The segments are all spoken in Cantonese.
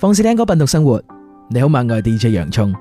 放肆聽歌，品讀生活。你好嗎，我係 DJ 洋蔥。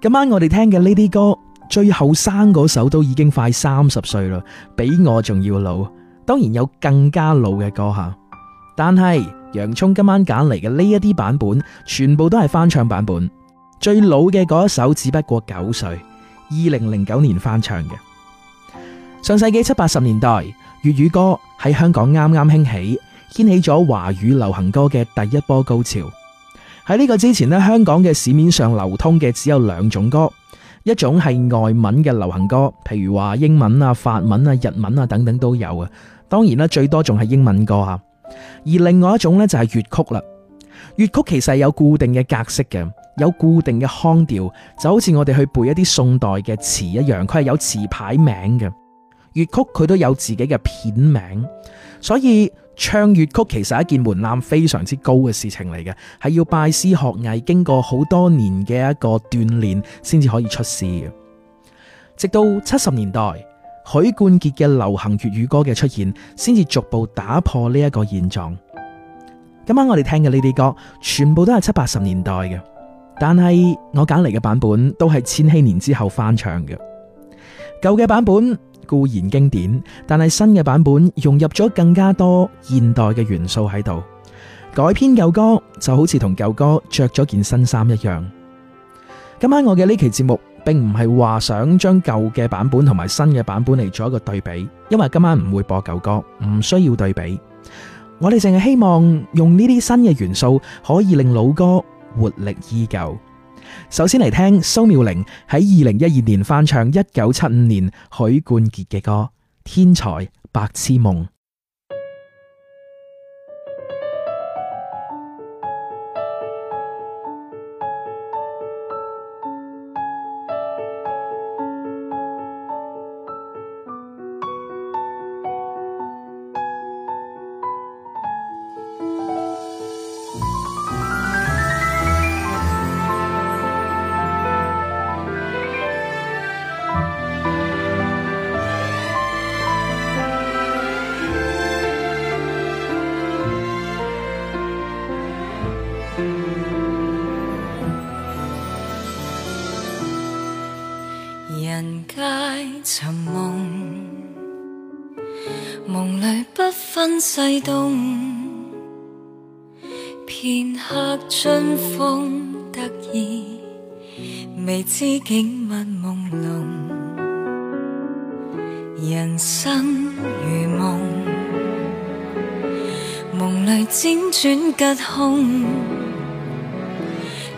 今晚我哋聽嘅呢啲歌，最後生嗰首都已經快三十歲啦，比我仲要老。當然有更加老嘅歌吓，但係洋蔥今晚揀嚟嘅呢一啲版本，全部都係翻唱版本。最老嘅嗰一首只不過九歲，二零零九年翻唱嘅。上世紀七八十年代，粵語歌喺香港啱啱興起，掀起咗華語流行歌嘅第一波高潮。喺呢個之前咧，香港嘅市面上流通嘅只有兩種歌，一種係外文嘅流行歌，譬如話英文啊、法文啊、日文啊等等都有嘅。當然啦，最多仲係英文歌啊。而另外一種咧就係粵曲啦。粵曲其實有固定嘅格式嘅，有固定嘅腔調，就好似我哋去背一啲宋代嘅詞一樣，佢係有詞牌名嘅。粵曲佢都有自己嘅片名，所以。唱粵曲其實係一件門檻非常之高嘅事情嚟嘅，係要拜師學藝，經過好多年嘅一個鍛煉，先至可以出師嘅。直到七十年代，許冠傑嘅流行粵語歌嘅出現，先至逐步打破呢一個現狀。今晚我哋聽嘅呢啲歌，全部都係七八十年代嘅，但係我揀嚟嘅版本都係千禧年之後翻唱嘅，舊嘅版本。固然經典，但係新嘅版本融入咗更加多現代嘅元素喺度。改編舊歌就好似同舊歌着咗件新衫一樣。今晚我嘅呢期節目並唔係話想將舊嘅版本同埋新嘅版本嚟做一個對比，因為今晚唔會播舊歌，唔需要對比。我哋淨係希望用呢啲新嘅元素，可以令老歌活力依舊。首先嚟聽蘇妙玲喺二零一二年翻唱一九七五年許冠傑嘅歌《天才白痴夢》。人皆尋夢，夢裏不分西東。片刻春風得意，未知景物朦朧。人生如夢，夢裏輾轉吉凶。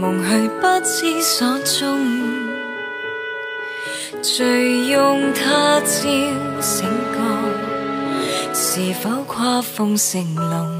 夢去不知所蹤，醉用他朝，醒覺是否跨風成龍？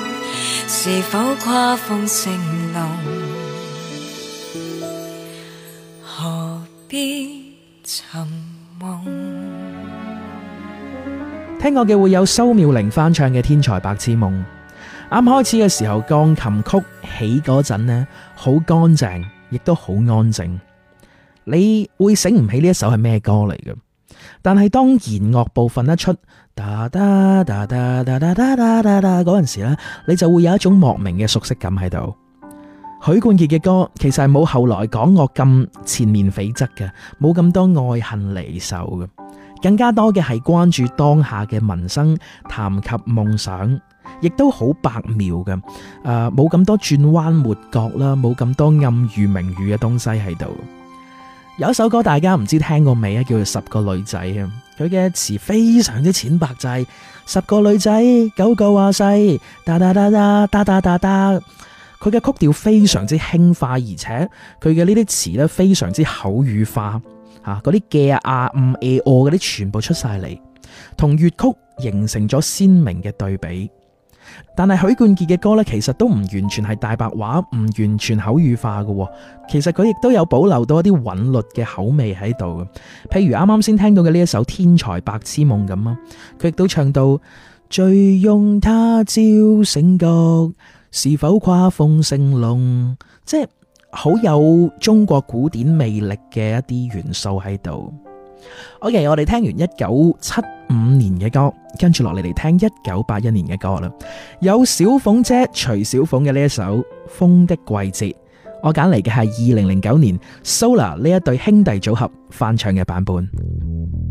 是否跨風成龍，何必尋夢？聽我嘅會有蘇妙玲翻唱嘅《天才白痴夢》。啱開始嘅時候，鋼琴曲起嗰陣呢，好乾淨，亦都好安靜。你會醒唔起呢一首係咩歌嚟嘅？但係當弦樂部分一出，噠噠噠噠噠噠噠噠嗰陣時咧，你就會有一種莫名嘅熟悉感喺度。許冠傑嘅歌其實係冇後來港樂咁纏綿悱惻嘅，冇咁多愛恨離愁嘅，更加多嘅係關注當下嘅民生，談及夢想，亦都好白描。嘅、呃。誒，冇咁多轉彎抹角啦，冇咁多暗喻明喻嘅東西喺度。有一首歌大家唔知聽過未啊？叫做《十個女仔》啊，佢嘅詞非常之淺白劑，就是、十個女仔，九個話事，噠噠噠噠噠噠噠噠，噠，噠，佢嘅曲調非常之輕快，而且佢嘅呢啲詞咧非常之口語化，吓嗰啲嘅啊、唔、誒、我嗰啲全部出晒嚟，同粵曲形成咗鮮明嘅對比。但係許冠傑嘅歌咧，其實都唔完全係大白話，唔完全口語化嘅，哦。其實佢亦都有保留到一啲韻律嘅口味喺度。譬如啱啱先聽到嘅呢一首《天才白痴夢》咁啊，佢亦都唱到最用他朝醒覺，是否跨鳳成龍，即係好有中國古典魅力嘅一啲元素喺度。O.K.，我哋聽完一九七五年嘅歌，跟住落嚟嚟聽一九八一年嘅歌啦。有小鳳姐徐小鳳嘅呢一首《風的季節》，我揀嚟嘅係二零零九年 Soler 呢一對兄弟組合翻唱嘅版本。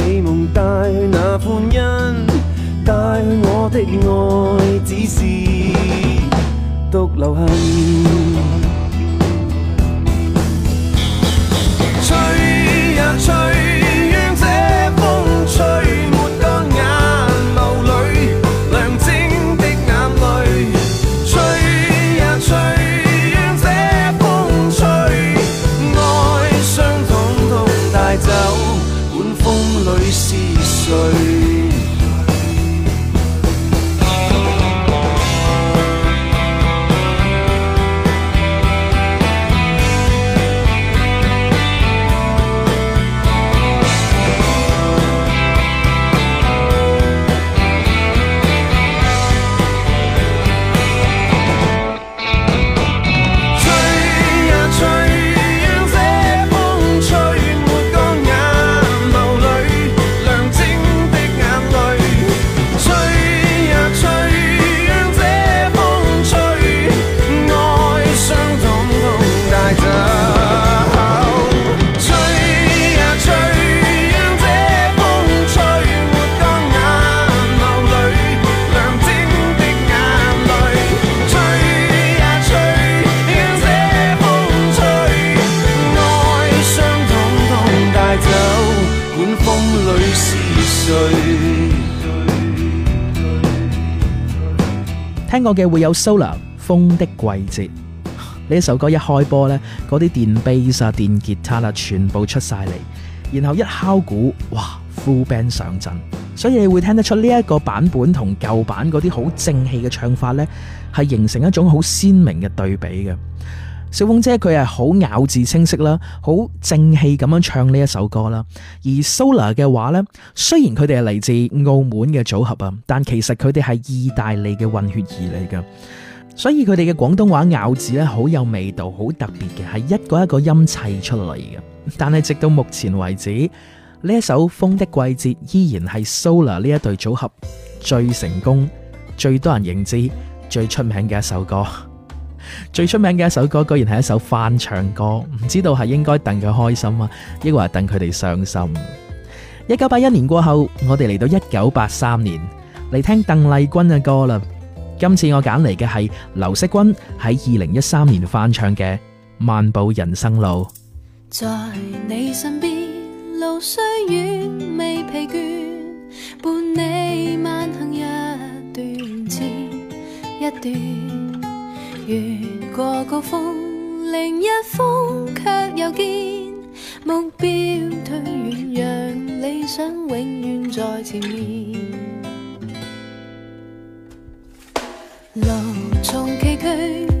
嘅會有 Solar 風的季節呢一首歌一開波呢嗰啲電 bass、啊、電吉他啦、啊，全部出晒嚟，然後一敲鼓，哇 full band 上陣，所以你會聽得出呢一、這個版本同舊版嗰啲好正氣嘅唱法呢係形成一種好鮮明嘅對比嘅。小鳳姐佢係好咬字清晰啦，好正氣咁樣唱呢一首歌啦。而 Soler 嘅話呢，雖然佢哋係嚟自澳門嘅組合啊，但其實佢哋係意大利嘅混血兒嚟嘅，所以佢哋嘅廣東話咬字咧好有味道，好特別嘅，係一個一個音砌出嚟嘅。但係直到目前為止，呢一首《風的季節》依然係 Soler 呢一對組合最成功、最多人認知、最出名嘅一首歌。最出名嘅一首歌，居然係一首翻唱歌，唔知道係應該等佢開心啊，抑或等佢哋傷心。一九八一年過後，我哋嚟到，一九八三年嚟聽鄧麗君嘅歌啦。今次我揀嚟嘅係劉惜君喺二零一三年翻唱嘅《漫步人生路》。在你身邊，路雖遠未疲倦，伴你慢行一段接一段。越過高峰，另一峰卻又見。目標推遠，讓理想永遠在前面。路縱崎嶇。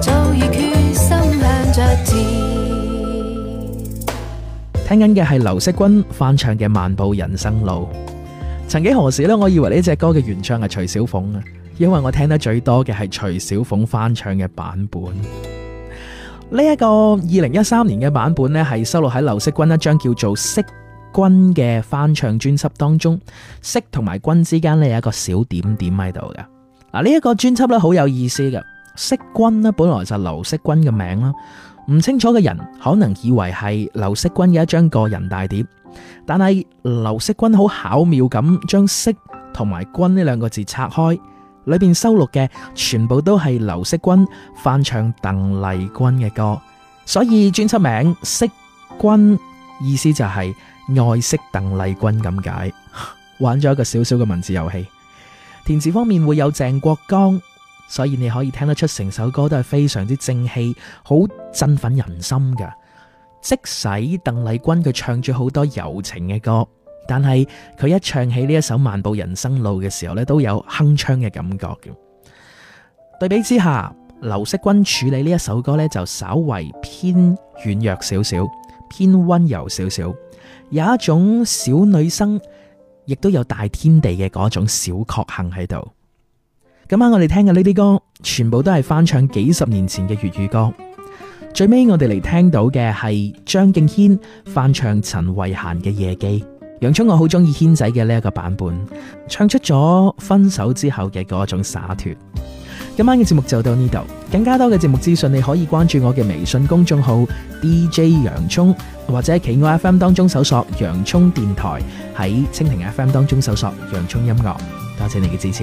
早已決心聽緊嘅係劉惜君翻唱嘅《漫步人生路》。曾幾何時呢，我以為呢隻歌嘅原唱係徐小鳳啊，因為我聽得最多嘅係徐小鳳翻唱嘅版本。呢、這、一個二零一三年嘅版本呢，係收錄喺劉惜君一張叫做《惜君》嘅翻唱專輯當中。惜同埋君之間呢，有一個小點點喺度嘅嗱。啊這個、專輯呢一個專輯咧好有意思嘅。惜君呢，本來就劉惜君嘅名啦，唔清楚嘅人可能以為係劉惜君嘅一張個人大碟，但係劉惜君好巧妙咁將惜同埋君呢兩個字拆開，裏邊收錄嘅全部都係劉惜君翻唱鄧麗君嘅歌，所以專輯名惜君意思就係愛惜鄧麗君咁解，玩咗一個小小嘅文字遊戲。填詞方面會有鄭國江所以你可以聽得出成首歌都係非常之正氣，好振奮人心嘅。即使鄧麗君佢唱咗好多柔情嘅歌，但係佢一唱起呢一首《漫步人生路》嘅時候咧，都有鏗鏘嘅感覺嘅。對比之下，劉惜君處理呢一首歌咧，就稍微偏軟弱少少，偏溫柔少少，有一種小女生亦都有大天地嘅嗰種小確幸喺度。今晚我哋聽嘅呢啲歌，全部都係翻唱幾十年前嘅粵語歌。最尾我哋嚟聽到嘅係張敬軒翻唱陳慧嫻嘅《夜機》。洋蔥，我好中意軒仔嘅呢一個版本，唱出咗分手之後嘅嗰種灑脫。今晚嘅節目就到呢度，更加多嘅節目資訊，你可以關注我嘅微信公眾號 DJ 洋蔥，或者係企愛 F M 當中搜索洋蔥電台，喺蜻蜓 F M 當中搜索洋蔥音樂。多謝你嘅支持。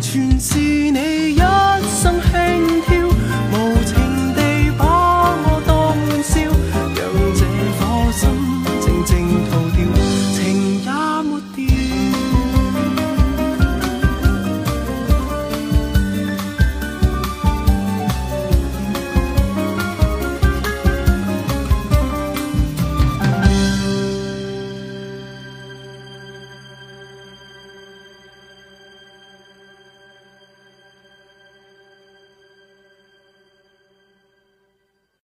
全是你。